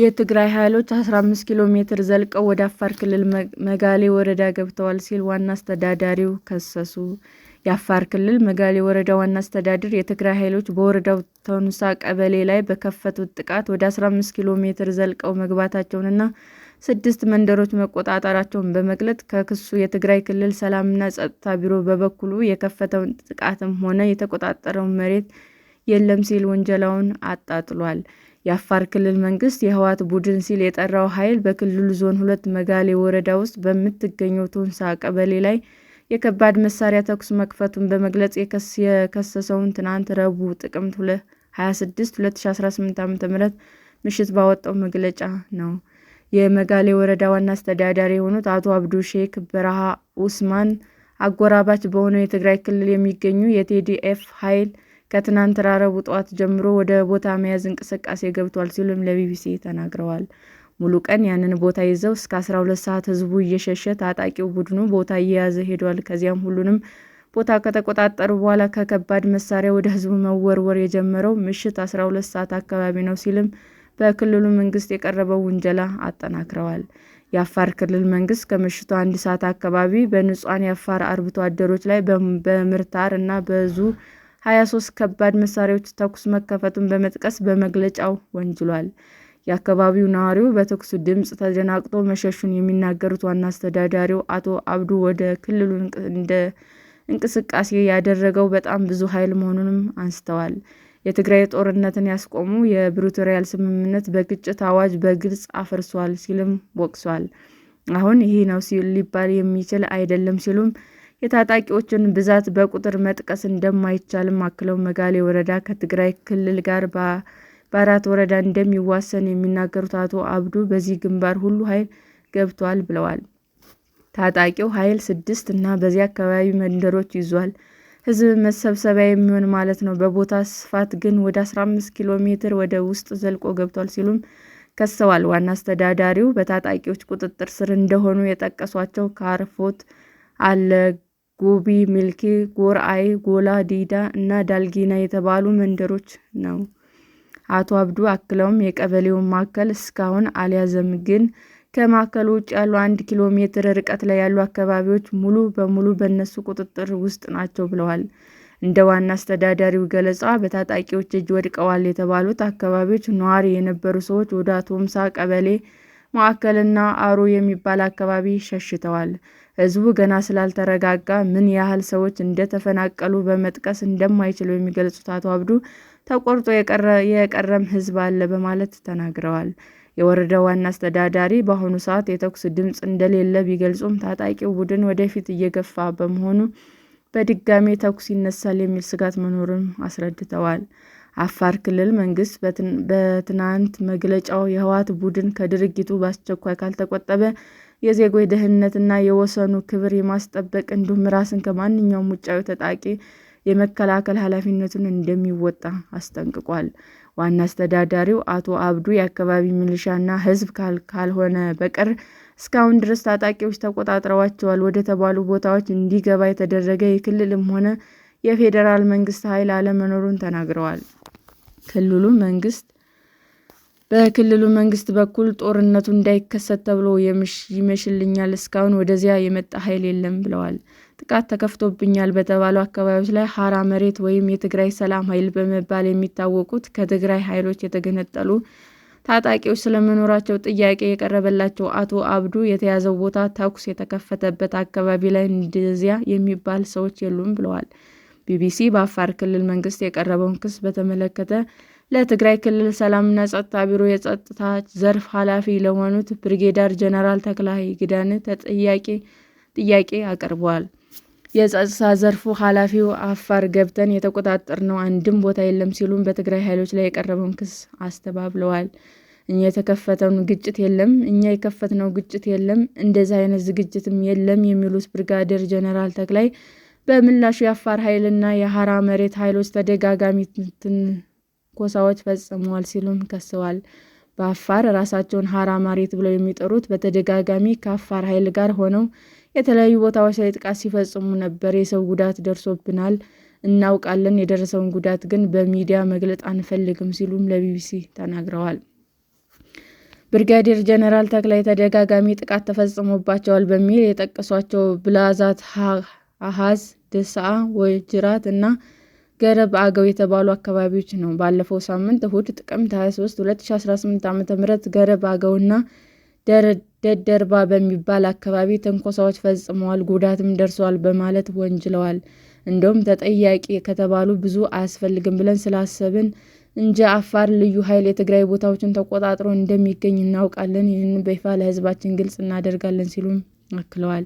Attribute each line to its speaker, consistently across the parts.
Speaker 1: የትግራይ ኃይሎች 15 ኪሎ ሜትር ዘልቀው ወደ አፋር ክልል መጋሌ ወረዳ ገብተዋል ሲል ዋና አስተዳዳሪው ከሰሱ። የአፋር ክልል መጋሌ ወረዳ ዋና አስተዳደር የትግራይ ኃይሎች በወረዳው ተኑሳ ቀበሌ ላይ በከፈቱት ጥቃት ወደ 15 ኪሎ ሜትር ዘልቀው መግባታቸውንና ስድስት መንደሮች መቆጣጠራቸውን በመግለጽ ከክሱ የትግራይ ክልል ሰላምና ጸጥታ ቢሮ በበኩሉ የከፈተውን ጥቃትም ሆነ የተቆጣጠረውን መሬት የለም ሲል ውንጀላውን አጣጥሏል። የአፋር ክልል መንግስት የህወሓት ቡድን ሲል የጠራው ኃይል በክልሉ ዞን ሁለት መጋሌ ወረዳ ውስጥ በምትገኘው ቶንሳ ቀበሌ ላይ የከባድ መሳሪያ ተኩስ መክፈቱን በመግለጽ የከሰሰውን ትናንት ረቡዕ ጥቅምት 26 2018 ዓ.ም ምሽት ባወጣው መግለጫ ነው። የመጋሌ ወረዳ ዋና አስተዳዳሪ የሆኑት አቶ አብዱ ሼክ በረሃ ኡስማን አጎራባች በሆነው የትግራይ ክልል የሚገኙ የቲዲኤፍ ኃይል ከትናንት ረቡዕ ጠዋት ጀምሮ ወደ ቦታ መያዝ እንቅስቃሴ ገብቷል ሲሉም ለቢቢሲ ተናግረዋል። ሙሉ ቀን ያንን ቦታ ይዘው እስከ 12 ሰዓት ህዝቡ እየሸሸ ታጣቂው ቡድኑ ቦታ እየያዘ ሄዷል። ከዚያም ሁሉንም ቦታ ከተቆጣጠሩ በኋላ ከከባድ መሳሪያ ወደ ህዝቡ መወርወር የጀመረው ምሽት 12 ሰዓት አካባቢ ነው ሲልም በክልሉ መንግስት የቀረበው ውንጀላ አጠናክረዋል። የአፋር ክልል መንግስት ከምሽቱ አንድ ሰዓት አካባቢ በንጹሐን የአፋር አርብቶ አደሮች ላይ በምርታር እና በዙ 23 ከባድ መሳሪያዎች ተኩስ መከፈቱን በመጥቀስ በመግለጫው ወንጅሏል። የአካባቢው ነዋሪው በተኩሱ ድምፅ ተደናግጦ መሸሹን የሚናገሩት ዋና አስተዳዳሪው አቶ አብዱ ወደ ክልሉ እንደ እንቅስቃሴ ያደረገው በጣም ብዙ ኃይል መሆኑንም አንስተዋል። የትግራይ ጦርነትን ያስቆሙ የፕሪቶሪያል ስምምነት በግጭት አዋጅ በግልጽ አፍርሷል ሲልም ወቅሷል። አሁን ይህ ነው ሊባል የሚችል አይደለም ሲሉም የታጣቂዎችን ብዛት በቁጥር መጥቀስ እንደማይቻልም አክለው መጋሌ ወረዳ ከትግራይ ክልል ጋር በአራት ወረዳ እንደሚዋሰን የሚናገሩት አቶ አብዱ በዚህ ግንባር ሁሉ ኃይል ገብቷል ብለዋል። ታጣቂው ኃይል ስድስት እና በዚህ አካባቢ መንደሮች ይዟል። ህዝብ መሰብሰቢያ የሚሆን ማለት ነው። በቦታ ስፋት ግን ወደ 15 ኪሎ ሜትር ወደ ውስጥ ዘልቆ ገብቷል ሲሉም ከሰዋል። ዋና አስተዳዳሪው በታጣቂዎች ቁጥጥር ስር እንደሆኑ የጠቀሷቸው ካርፎት አለ ጉቢ፣ ሚልኪ፣ ጎርአይ፣ ጎላ ዲዳ እና ዳልጊና የተባሉ መንደሮች ነው። አቶ አብዱ አክለውም የቀበሌውን ማዕከል እስካሁን አልያዘም ግን ከማዕከሉ ውጭ ያሉ አንድ ኪሎ ሜትር ርቀት ላይ ያሉ አካባቢዎች ሙሉ በሙሉ በእነሱ ቁጥጥር ውስጥ ናቸው ብለዋል። እንደ ዋና አስተዳዳሪው ገለጻ በታጣቂዎች እጅ ወድቀዋል የተባሉት አካባቢዎች ነዋሪ የነበሩ ሰዎች ወደ አቶ ቀበሌ ማዕከልና አሮ የሚባል አካባቢ ሸሽተዋል። ሕዝቡ ገና ስላልተረጋጋ ምን ያህል ሰዎች እንደተፈናቀሉ በመጥቀስ እንደማይችሉ የሚገልጹት አቶ አብዱ ተቆርጦ የቀረም ሕዝብ አለ በማለት ተናግረዋል። የወረዳው ዋና አስተዳዳሪ በአሁኑ ሰዓት የተኩስ ድምፅ እንደሌለ ቢገልጹም ታጣቂው ቡድን ወደፊት እየገፋ በመሆኑ በድጋሜ ተኩስ ይነሳል የሚል ስጋት መኖሩን አስረድተዋል። አፋር ክልል መንግስት በትናንት መግለጫው የህወሓት ቡድን ከድርጊቱ በአስቸኳይ ካልተቆጠበ የዜጎች ደህንነትና የወሰኑ ክብር የማስጠበቅ እንዲሁም ራስን ከማንኛውም ውጫዊ ታጣቂ የመከላከል ኃላፊነቱን እንደሚወጣ አስጠንቅቋል። ዋና አስተዳዳሪው አቶ አብዱ የአካባቢ ሚሊሻና ህዝብ ካልሆነ በቀር እስካሁን ድረስ ታጣቂዎች ተቆጣጥረዋቸዋል ወደ ተባሉ ቦታዎች እንዲገባ የተደረገ የክልልም ሆነ የፌዴራል መንግስት ኃይል አለመኖሩን ተናግረዋል። ክልሉ መንግስት በክልሉ መንግስት በኩል ጦርነቱ እንዳይከሰት ተብሎ ይመሽልኛል እስካሁን ወደዚያ የመጣ ኃይል የለም ብለዋል። ጥቃት ተከፍቶብኛል በተባሉ አካባቢዎች ላይ ሀራ መሬት ወይም የትግራይ ሰላም ኃይል በመባል የሚታወቁት ከትግራይ ኃይሎች የተገነጠሉ ታጣቂዎች ስለመኖራቸው ጥያቄ የቀረበላቸው አቶ አብዱ የተያዘው ቦታ ተኩስ የተከፈተበት አካባቢ ላይ እንደዚያ የሚባል ሰዎች የሉም ብለዋል። ቢቢሲ በአፋር ክልል መንግስት የቀረበውን ክስ በተመለከተ ለትግራይ ክልል ሰላምና ጸጥታ ቢሮ የጸጥታ ዘርፍ ኃላፊ ለሆኑት ብርጌዲየር ጀነራል ተክላይ ኪዳነ ጥያቄ አቅርበዋል። የጸጥታ ዘርፉ ኃላፊው አፋር ገብተን የተቆጣጠርነው አንድም ቦታ የለም ሲሉም በትግራይ ኃይሎች ላይ የቀረበውን ክስ አስተባብለዋል። እኛ የተከፈተውን ግጭት የለም እኛ የከፈትነው ግጭት የለም፣ እንደዚህ አይነት ዝግጅትም የለም የሚሉት ብርጋዴር ጀነራል ተክላይ በምላሹ የአፋር ኃይልና የሐራ መሬት ኃይሎች ተደጋጋሚ ትንኮሳዎች ፈጽመዋል ሲሉም ከሰዋል። በአፋር ራሳቸውን ሐራ መሬት ብለው የሚጠሩት በተደጋጋሚ ከአፋር ኃይል ጋር ሆነው የተለያዩ ቦታዎች ላይ ጥቃት ሲፈጽሙ ነበር። የሰው ጉዳት ደርሶብናል፣ እናውቃለን። የደረሰውን ጉዳት ግን በሚዲያ መግለጽ አንፈልግም ሲሉም ለቢቢሲ ተናግረዋል። ብርጋዴር ጀነራል ተክላይ ተደጋጋሚ ጥቃት ተፈጽሞባቸዋል በሚል የጠቀሷቸው ብላዛት አሐዝ፣ ድስዓ፣ ወጅራት እና ገረብ አገው የተባሉ አካባቢዎች ነው። ባለፈው ሳምንት እሁድ ጥቅምት 23 2018 ዓ.ም ገረብ አገውና ደደርባ በሚባል አካባቢ ትንኮሳዎች ፈጽመዋል፣ ጉዳትም ደርሷል በማለት ወንጅለዋል። እንደውም ተጠያቂ ከተባሉ ብዙ አያስፈልግም ብለን ስላሰብን እንጂ አፋር ልዩ ኃይል የትግራይ ቦታዎችን ተቆጣጥሮ እንደሚገኝ እናውቃለን። ይህንን በይፋ ለህዝባችን ግልጽ እናደርጋለን ሲሉም አክለዋል።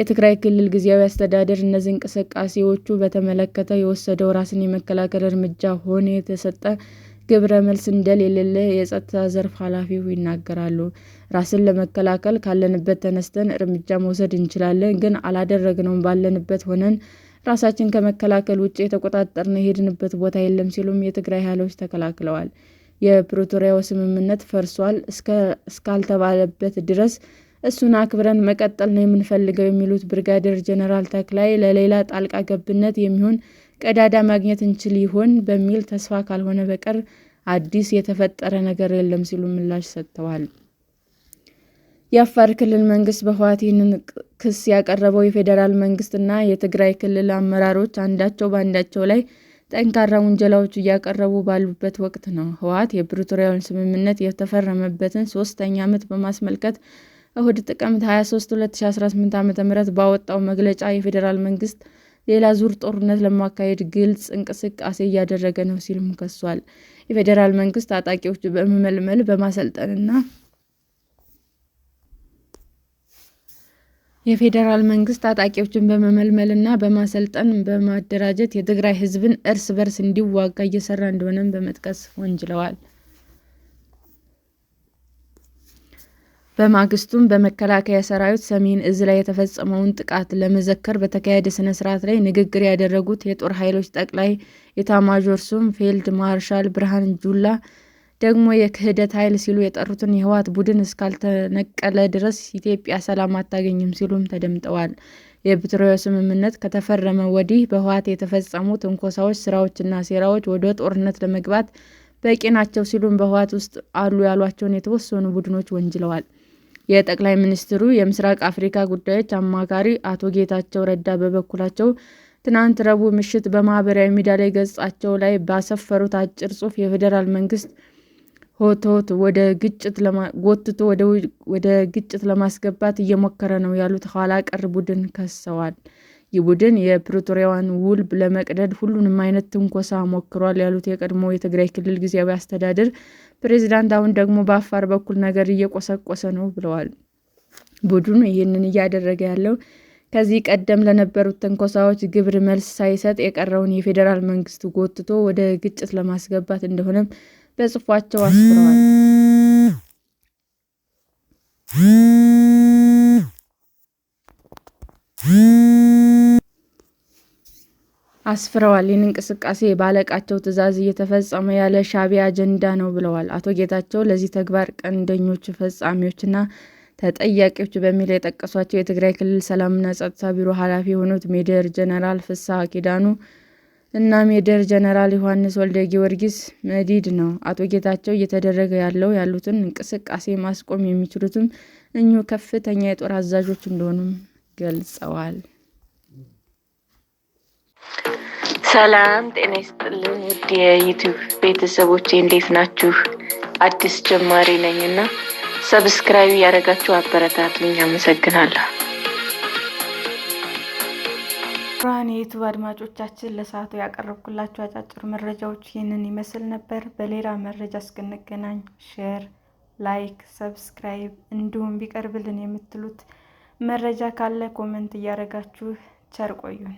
Speaker 1: የትግራይ ክልል ጊዜያዊ አስተዳደር እነዚህ እንቅስቃሴዎቹ በተመለከተ የወሰደው ራስን የመከላከል እርምጃ ሆነ የተሰጠ ግብረ መልስ እንደሌለ የጸጥታ ዘርፍ ኃላፊው ይናገራሉ። ራስን ለመከላከል ካለንበት ተነስተን እርምጃ መውሰድ እንችላለን፣ ግን አላደረግነውም። ባለንበት ሆነን ራሳችን ከመከላከል ውጭ የተቆጣጠርነው የሄድንበት ቦታ የለም ሲሉም የትግራይ ኃይሎች ተከላክለዋል። የፕሪቶሪያው ስምምነት ፈርሷል እስካልተባለበት ድረስ እሱን አክብረን መቀጠል ነው የምንፈልገው የሚሉት ብርጋዴር ጄኔራል ተክላይ ለሌላ ጣልቃ ገብነት የሚሆን ቀዳዳ ማግኘት እንችል ይሆን በሚል ተስፋ ካልሆነ በቀር አዲስ የተፈጠረ ነገር የለም ሲሉ ምላሽ ሰጥተዋል። የአፋር ክልል መንግስት በህወሓት ይህንን ክስ ያቀረበው የፌዴራል መንግስትና የትግራይ ክልል አመራሮች አንዳቸው በአንዳቸው ላይ ጠንካራ ውንጀላዎች እያቀረቡ ባሉበት ወቅት ነው። ህወሓት የፕሪቶሪያውን ስምምነት የተፈረመበትን ሶስተኛ ዓመት በማስመልከት እሁድ ጥቅምት 23 2018 ዓ ም ባወጣው መግለጫ የፌዴራል መንግስት ሌላ ዙር ጦርነት ለማካሄድ ግልጽ እንቅስቃሴ እያደረገ ነው ሲልም ከሷል። የፌዴራል መንግስት ታጣቂዎች በመመልመል በማሰልጠንና የፌዴራል መንግስት ታጣቂዎችን በመመልመልና በማሰልጠን በማደራጀት የትግራይ ህዝብን እርስ በርስ እንዲዋጋ እየሰራ እንደሆነም በመጥቀስ ወንጅለዋል። በማግስቱም በመከላከያ ሰራዊት ሰሜን እዝ ላይ የተፈጸመውን ጥቃት ለመዘከር በተካሄደ ስነ ስርዓት ላይ ንግግር ያደረጉት የጦር ኃይሎች ጠቅላይ ኤታማዦር ሹም ፊልድ ማርሻል ብርሃኑ ጁላ ደግሞ የክህደት ኃይል ሲሉ የጠሩትን የህወሓት ቡድን እስካልተነቀለ ድረስ ኢትዮጵያ ሰላም አታገኝም ሲሉም ተደምጠዋል። የፕሪቶሪያው ስምምነት ከተፈረመ ወዲህ በህወሓት የተፈጸሙ ትንኮሳዎች፣ ስራዎችና ሴራዎች ወደ ጦርነት ለመግባት በቂ ናቸው ሲሉም በህወሓት ውስጥ አሉ ያሏቸውን የተወሰኑ ቡድኖች ወንጅለዋል። የጠቅላይ ሚኒስትሩ የምስራቅ አፍሪካ ጉዳዮች አማካሪ አቶ ጌታቸው ረዳ በበኩላቸው ትናንት ረቡዕ ምሽት በማህበራዊ ሚዲያ ላይ ገጻቸው ላይ ባሰፈሩት አጭር ጽሑፍ የፌዴራል መንግስት ሆቶት ጎትቶ ወደ ግጭት ለማስገባት እየሞከረ ነው ያሉት ኋላ ቀር ቡድን ከሰዋል። ይህ ቡድን የፕሪቶሪያውን ውል ለመቅደድ ሁሉንም አይነት ትንኮሳ ሞክሯል ያሉት የቀድሞ የትግራይ ክልል ጊዜያዊ አስተዳደር ፕሬዚዳንት፣ አሁን ደግሞ በአፋር በኩል ነገር እየቆሰቆሰ ነው ብለዋል። ቡድኑ ይህንን እያደረገ ያለው ከዚህ ቀደም ለነበሩት ትንኮሳዎች ግብር መልስ ሳይሰጥ የቀረውን የፌዴራል መንግስት ጎትቶ ወደ ግጭት ለማስገባት እንደሆነም በጽሑፋቸው አስፍረዋል። mm-hmm. አስፍረዋል። ይህን እንቅስቃሴ ባለቃቸው ትዕዛዝ እየተፈጸመ ያለ ሻዕቢያ አጀንዳ ነው ብለዋል። አቶ ጌታቸው ለዚህ ተግባር ቀንደኞቹ ፈጻሚዎችና ተጠያቂዎች በሚል የጠቀሷቸው የትግራይ ክልል ሰላምና ጸጥታ ቢሮ ኃላፊ የሆኑት ሜጀር ጄኔራል ፍስሐ ኪዳኑ እና ሜጀር ጀነራል ዮሐንስ ወልደ ጊዮርጊስ መዲድ ነው። አቶ ጌታቸው እየተደረገ ያለው ያሉትን እንቅስቃሴ ማስቆም የሚችሉትም እኚሁ ከፍተኛ የጦር አዛዦች እንደሆኑም ገልጸዋል። ሰላም ጤና ይስጥልን ውድ የዩቲዩብ ቤተሰቦቼ እንዴት ናችሁ? አዲስ ጀማሪ ነኝ እና ሰብስክራይብ ያደረጋችሁ አበረታቱኝ። አመሰግናለሁ። ብርሃን የዩቱብ አድማጮቻችን ለሰዓቱ ያቀረብኩላችሁ አጫጭር መረጃዎች ይህንን ይመስል ነበር። በሌላ መረጃ እስክንገናኝ ሼር፣ ላይክ፣ ሰብስክራይብ እንዲሁም ቢቀርብልን የምትሉት መረጃ ካለ ኮመንት እያደረጋችሁ ቸር ቆዩን።